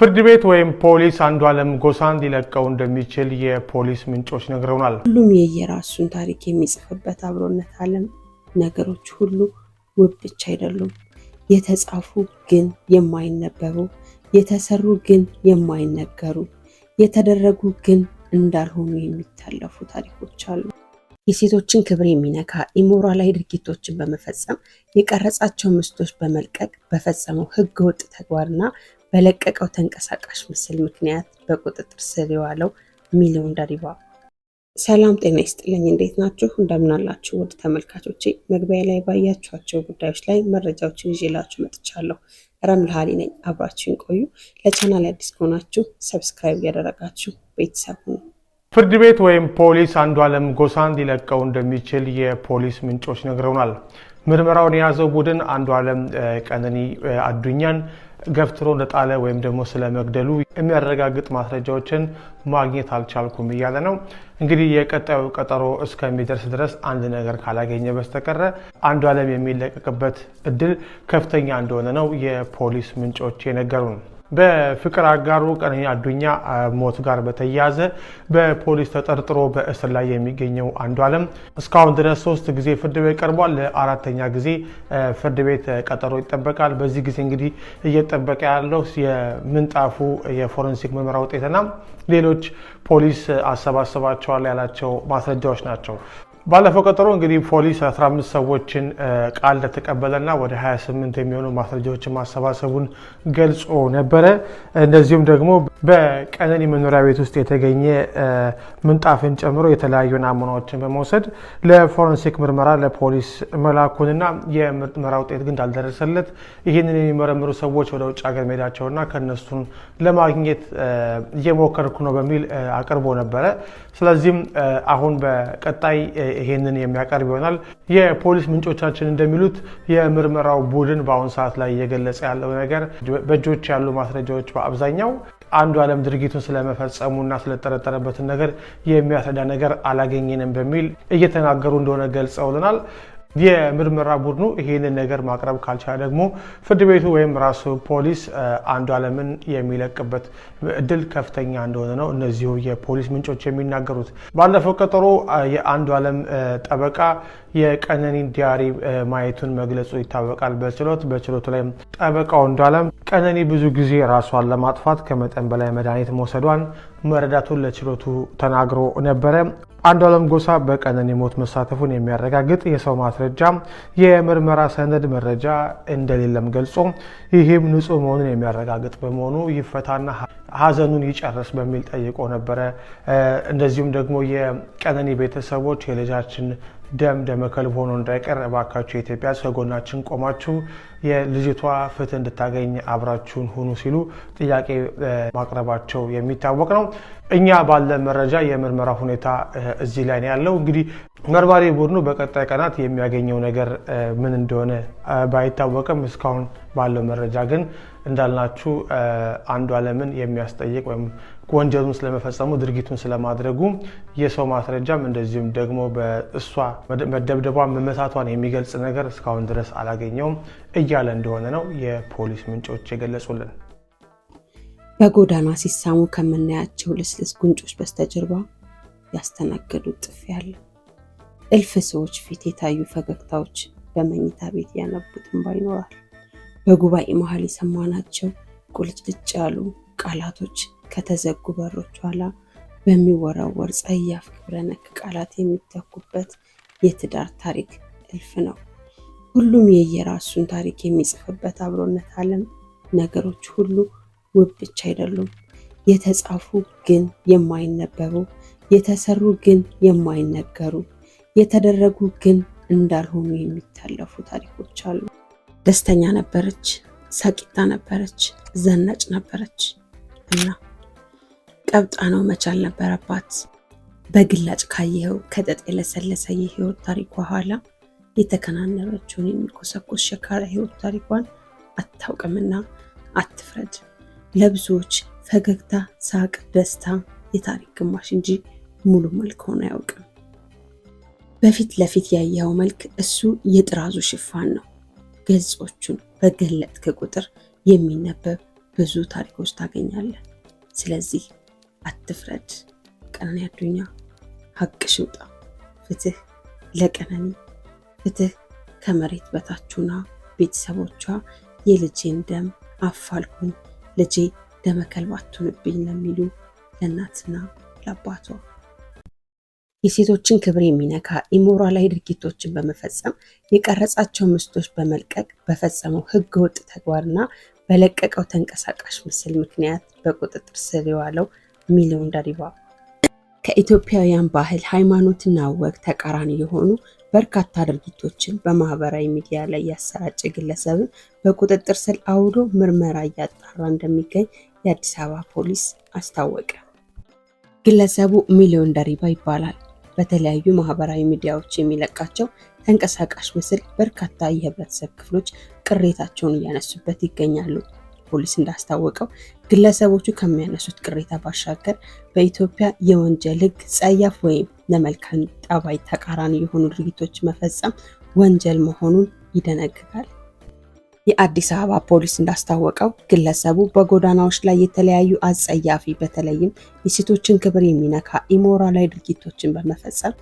ፍርድ ቤት ወይም ፖሊስ አለም ጎሳን ሊለቀው እንደሚችል የፖሊስ ምንጮች ነግረውናል። ሁሉም የየራሱን ታሪክ የሚጽፍበት አብሮነት ዓለም ነገሮች ሁሉ ውብ ብቻ አይደሉም። የተጻፉ ግን የማይነበቡ፣ የተሰሩ ግን የማይነገሩ፣ የተደረጉ ግን እንዳልሆኑ የሚታለፉ ታሪኮች አሉ። የሴቶችን ክብር የሚነካ ኢሞራላዊ ድርጊቶችን በመፈጸም የቀረጻቸው ምስሎች በመልቀቅ በፈጸመው ህገወጥ ወጥ ተግባርና በለቀቀው ተንቀሳቃሽ ምስል ምክንያት በቁጥጥር ስር የዋለው ሚሊዮን ደሪባ። ሰላም ጤና ይስጥልኝ፣ እንዴት ናችሁ? እንደምናላችሁ ውድ ተመልካቾቼ፣ መግቢያ ላይ ባያችኋቸው ጉዳዮች ላይ መረጃዎችን ይዤላችሁ መጥቻለሁ። ረምልሃሊ ነኝ፣ አብራችሁን ቆዩ። ለቻናል አዲስ ከሆናችሁ ሰብስክራይብ እያደረጋችሁ ቤተሰቡ ነው። ፍርድ ቤት ወይም ፖሊስ አለም ጎሳን ሊለቀው እንደሚችል የፖሊስ ምንጮች ነግረውናል። ምርመራውን የያዘው ቡድን አለም ቀነኒ አዱኛን ገፍትሮ እንደጣለ ወይም ደግሞ ስለመግደሉ የሚያረጋግጥ ማስረጃዎችን ማግኘት አልቻልኩም እያለ ነው። እንግዲህ የቀጣዩ ቀጠሮ እስከሚደርስ ድረስ አንድ ነገር ካላገኘ በስተቀረ አንዱ አለም የሚለቀቅበት እድል ከፍተኛ እንደሆነ ነው የፖሊስ ምንጮች የነገሩን። በፍቅር አጋሩ ቀነኒ አዱኛ ሞት ጋር በተያያዘ በፖሊስ ተጠርጥሮ በእስር ላይ የሚገኘው አንዷለም እስካሁን ድረስ ሶስት ጊዜ ፍርድ ቤት ቀርቧል። ለአራተኛ ጊዜ ፍርድ ቤት ቀጠሮ ይጠበቃል። በዚህ ጊዜ እንግዲህ እየጠበቀ ያለው የምንጣፉ የፎረንሲክ ምርመራ ውጤትና ሌሎች ፖሊስ አሰባስባቸዋል ያላቸው ማስረጃዎች ናቸው። ባለፈው ቀጠሮ እንግዲህ ፖሊስ 15 ሰዎችን ቃል እንደተቀበለና ወደ 28 የሚሆኑ ማስረጃዎችን ማሰባሰቡን ገልጾ ነበረ። እንደዚሁም ደግሞ በቀነኒ መኖሪያ ቤት ውስጥ የተገኘ ምንጣፍን ጨምሮ የተለያዩ ናሙናዎችን በመውሰድ ለፎረንሲክ ምርመራ ለፖሊስ መላኩንና የምርመራ ውጤት ግን እንዳልደረሰለት ይህንን የሚመረምሩ ሰዎች ወደ ውጭ ሀገር መሄዳቸውና ከነሱን ለማግኘት እየሞከርኩ ነው በሚል አቅርቦ ነበረ። ስለዚህም አሁን በቀጣይ ይህንን የሚያቀርብ ይሆናል። የፖሊስ ምንጮቻችን እንደሚሉት የምርመራው ቡድን በአሁኑ ሰዓት ላይ እየገለጸ ያለው ነገር በእጆች ያሉ ማስረጃዎች በአብዛኛው አንዱ ዓለም ድርጊቱን ስለመፈጸሙና ስለጠረጠረበትን ነገር የሚያስረዳ ነገር አላገኘንም በሚል እየተናገሩ እንደሆነ ገልጸውልናል። የምርመራ ቡድኑ ይህንን ነገር ማቅረብ ካልቻለ ደግሞ ፍርድ ቤቱ ወይም ራሱ ፖሊስ አለምን የሚለቅበት እድል ከፍተኛ እንደሆነ ነው እነዚሁ የፖሊስ ምንጮች የሚናገሩት። ባለፈው ቀጠሮ አለም ጠበቃ የቀነኒን ዲያሪ ማየቱን መግለጹ ይታወቃል። በችሎት በችሎቱ ላይ ጠበቃው አንዱዓለም ቀነኒ ብዙ ጊዜ ራሷን ለማጥፋት ከመጠን በላይ መድኃኒት መውሰዷን መረዳቱን ለችሎቱ ተናግሮ ነበረ። አንዷለም ጎሳ በቀነኒ ሞት መሳተፉን የሚያረጋግጥ የሰው ማስረጃ የምርመራ ሰነድ መረጃ እንደሌለም ገልጾ ይህም ንጹህ መሆኑን የሚያረጋግጥ በመሆኑ ይፈታና ሀዘኑን ይጨርስ በሚል ጠይቆ ነበረ። እንደዚሁም ደግሞ የቀነኒ ቤተሰቦች የልጃችን ደም ደመከልብ ሆኖ እንዳይቀር እባካችሁ የኢትዮጵያ ከጎናችን ቆማችሁ የልጅቷ ፍትህ እንድታገኝ አብራችሁን ሁኑ ሲሉ ጥያቄ ማቅረባቸው የሚታወቅ ነው። እኛ ባለ መረጃ የምርመራ ሁኔታ እዚህ ላይ ነው ያለው። እንግዲህ መርማሪ ቡድኑ በቀጣይ ቀናት የሚያገኘው ነገር ምን እንደሆነ ባይታወቅም እስካሁን ባለው መረጃ ግን እንዳልናችሁ አንዷለምን የሚያስጠይቅ ወይም ወንጀሉን ስለመፈጸሙ ድርጊቱን ስለማድረጉ የሰው ማስረጃም እንደዚሁም ደግሞ በእሷ መደብደቧ መመታቷን የሚገልጽ ነገር እስካሁን ድረስ አላገኘውም። እያለ እንደሆነ ነው የፖሊስ ምንጮች የገለጹልን። በጎዳና ሲሳሙ ከምናያቸው ልስልስ ጉንጮች በስተጀርባ ያስተናገዱት ጥፊ አለ። እልፍ ሰዎች ፊት የታዩ ፈገግታዎች በመኝታ ቤት ያነቡት እንባ ይኖራል። በጉባኤ መሀል የሰማናቸው ቁልጭልጭ ያሉ ቃላቶች ከተዘጉ በሮች ኋላ በሚወራወር ጸያፍ ግብረ ነክ ቃላት የሚተኩበት የትዳር ታሪክ እልፍ ነው። ሁሉም የየራሱን ታሪክ የሚጽፍበት አብሮነት ዓለም። ነገሮች ሁሉ ውብ ብቻ አይደሉም። የተጻፉ ግን የማይነበሩ፣ የተሰሩ ግን የማይነገሩ፣ የተደረጉ ግን እንዳልሆኑ የሚታለፉ ታሪኮች አሉ። ደስተኛ ነበረች፣ ሳቂታ ነበረች፣ ዘናጭ ነበረች እና ቀብጣ ነው መቻል ነበረባት። በግላጭ ካየኸው ከጠጥ የለሰለሰ የህይወት ታሪክ ኋላ የተከናነበችውን የሚኮሰኮስ ሸካራ ህይወት ታሪኳን አታውቅምና አትፍረድ። ለብዙዎች ፈገግታ፣ ሳቅ፣ ደስታ የታሪክ ግማሽ እንጂ ሙሉ መልክ ሆኖ አያውቅም። በፊት ለፊት ያየኸው መልክ እሱ የጥራዙ ሽፋን ነው። ገጾቹን በገለጥክ ቁጥር የሚነበብ ብዙ ታሪኮች ታገኛለህ። ስለዚህ አትፍረድ። ቀነኒ አዱኛ ሀቅ ሽውጣ ፍትህ ለቀነኒ ፍትህ ከመሬት በታችና ቤተሰቦቿ የልጄን ደም አፋልጉኝ ልጄ ደመከልብ አትሁንብኝ ለሚሉ ለእናትና ለአባቷ የሴቶችን ክብር የሚነካ ኢሞራላዊ ድርጊቶችን በመፈጸም የቀረጻቸው ምስሎች በመልቀቅ በፈጸመው ህገ ወጥ ተግባርና በለቀቀው ተንቀሳቃሽ ምስል ምክንያት በቁጥጥር ስር የዋለው ሚሊዮን ደሪባ ከኢትዮጵያውያን ባህል፣ ሃይማኖትና ወግ ተቃራኒ የሆኑ በርካታ ድርጊቶችን በማህበራዊ ሚዲያ ላይ ያሰራጨ ግለሰብን በቁጥጥር ስር አውሎ ምርመራ እያጣራ እንደሚገኝ የአዲስ አበባ ፖሊስ አስታወቀ። ግለሰቡ ሚሊዮን ደሪባ ይባላል። በተለያዩ ማህበራዊ ሚዲያዎች የሚለቃቸው ተንቀሳቃሽ ምስል በርካታ የህብረተሰብ ክፍሎች ቅሬታቸውን እያነሱበት ይገኛሉ። ፖሊስ እንዳስታወቀው ግለሰቦቹ ከሚያነሱት ቅሬታ ባሻገር በኢትዮጵያ የወንጀል ሕግ ጸያፍ ወይም ለመልካም ጠባይ ተቃራኒ የሆኑ ድርጊቶች መፈጸም ወንጀል መሆኑን ይደነግጋል። የአዲስ አበባ ፖሊስ እንዳስታወቀው ግለሰቡ በጎዳናዎች ላይ የተለያዩ አጸያፊ በተለይም የሴቶችን ክብር የሚነካ ኢሞራላዊ ድርጊቶችን በመፈጸም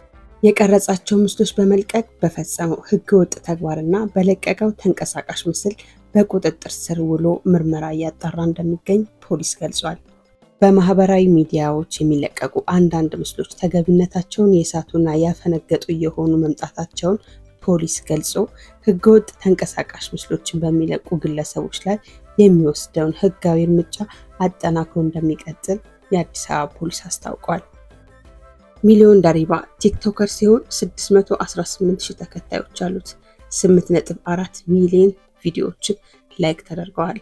የቀረጻቸው ምስሎች በመልቀቅ በፈጸመው ህገወጥ ተግባርና በለቀቀው ተንቀሳቃሽ ምስል በቁጥጥር ስር ውሎ ምርመራ እያጣራ እንደሚገኝ ፖሊስ ገልጿል። በማህበራዊ ሚዲያዎች የሚለቀቁ አንዳንድ ምስሎች ተገቢነታቸውን የሳቱና ያፈነገጡ እየሆኑ መምጣታቸውን ፖሊስ ገልጾ ህገወጥ ተንቀሳቃሽ ምስሎችን በሚለቁ ግለሰቦች ላይ የሚወስደውን ህጋዊ እርምጃ አጠናክሮ እንደሚቀጥል የአዲስ አበባ ፖሊስ አስታውቋል። ሚሊዮን ዳሪባ ቲክቶከር ሲሆን 618 ሺህ ተከታዮች አሉት። 8.4 ሚሊዮን ቪዲዮዎችም ላይክ ተደርገዋል።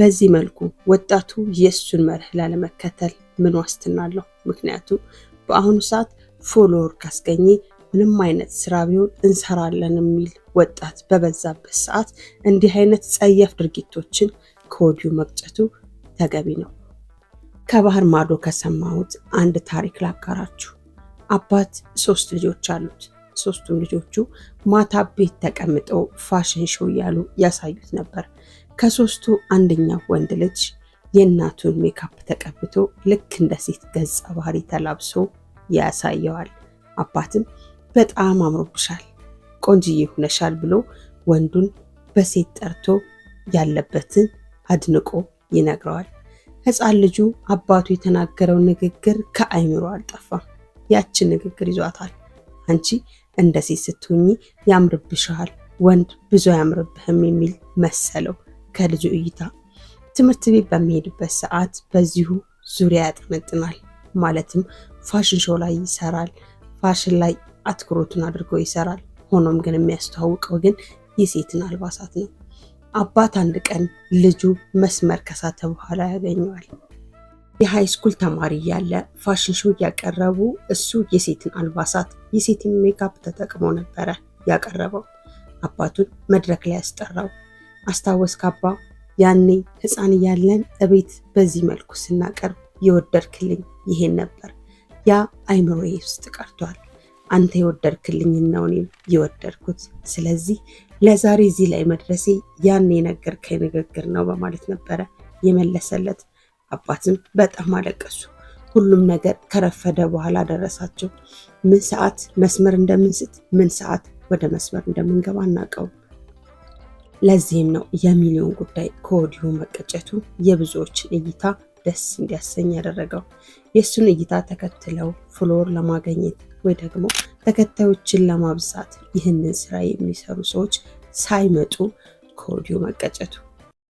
በዚህ መልኩ ወጣቱ የእሱን መርህ ላለመከተል ምን ዋስትና አለው? ምክንያቱም በአሁኑ ሰዓት ፎሎወር ካስገኘ ምንም አይነት ስራ ቢሆን እንሰራለን የሚል ወጣት በበዛበት ሰዓት እንዲህ አይነት ጸያፍ ድርጊቶችን ከወዲሁ መቅጨቱ ተገቢ ነው። ከባህር ማዶ ከሰማሁት አንድ ታሪክ ላጋራችሁ። አባት ሶስት ልጆች አሉት። ሶስቱም ልጆቹ ማታ ቤት ተቀምጠው ፋሽን ሾው እያሉ ያሳዩት ነበር። ከሶስቱ አንደኛው ወንድ ልጅ የእናቱን ሜካፕ ተቀብቶ ልክ እንደ ሴት ገጸ ባህሪ ተላብሶ ያሳየዋል። አባትም በጣም አምሮብሻል፣ ቆንጅዬ ሆነሻል ብሎ ወንዱን በሴት ጠርቶ ያለበትን አድንቆ ይነግረዋል። ሕፃን ልጁ አባቱ የተናገረው ንግግር ከአይምሮ አልጠፋም። ያችን ንግግር ይዟታል። አንቺ እንደዚህ ስትሆኚ ያምርብሻል፣ ወንድ ብዙ አያምርብህም የሚል መሰለው ከልጁ እይታ። ትምህርት ቤት በሚሄድበት ሰዓት በዚሁ ዙሪያ ያጠነጥናል። ማለትም ፋሽን ሾው ላይ ይሰራል፣ ፋሽን ላይ አትኩሮቱን አድርጎ ይሰራል። ሆኖም ግን የሚያስተዋውቀው ግን የሴትን አልባሳት ነው። አባት አንድ ቀን ልጁ መስመር ከሳተ በኋላ ያገኘዋል። ስኩል ተማሪ እያለ ፋሽን ሾው እያቀረቡ እሱ የሴትን አልባሳት የሴትን ሜካፕ ተጠቅሞ ነበረ ያቀረበው። አባቱን መድረክ ላይ ያስጠራው አስታወስክ አባ? ያኔ ህፃን እያለን እቤት በዚህ መልኩ ስናቀርብ የወደድክልኝ ይሄን ነበር። ያ አይምሮዬ ውስጥ ቀርቷል። አንተ የወደድክልኝ ነው እኔም የወደድኩት። ስለዚህ ለዛሬ እዚህ ላይ መድረሴ ያኔ የነገርከኝ ንግግር ነው በማለት ነበረ የመለሰለት። አባትም በጣም አለቀሱ። ሁሉም ነገር ከረፈደ በኋላ ደረሳቸው። ምን ሰዓት መስመር እንደምንስት፣ ምን ሰዓት ወደ መስመር እንደምንገባ አናውቀው። ለዚህም ነው የሚሊዮን ጉዳይ ከወዲሁ መቀጨቱ የብዙዎችን እይታ ደስ እንዲያሰኝ ያደረገው። የእሱን እይታ ተከትለው ፍሎር ለማገኘት ወይ ደግሞ ተከታዮችን ለማብዛት ይህንን ስራ የሚሰሩ ሰዎች ሳይመጡ ከወዲሁ መቀጨቱ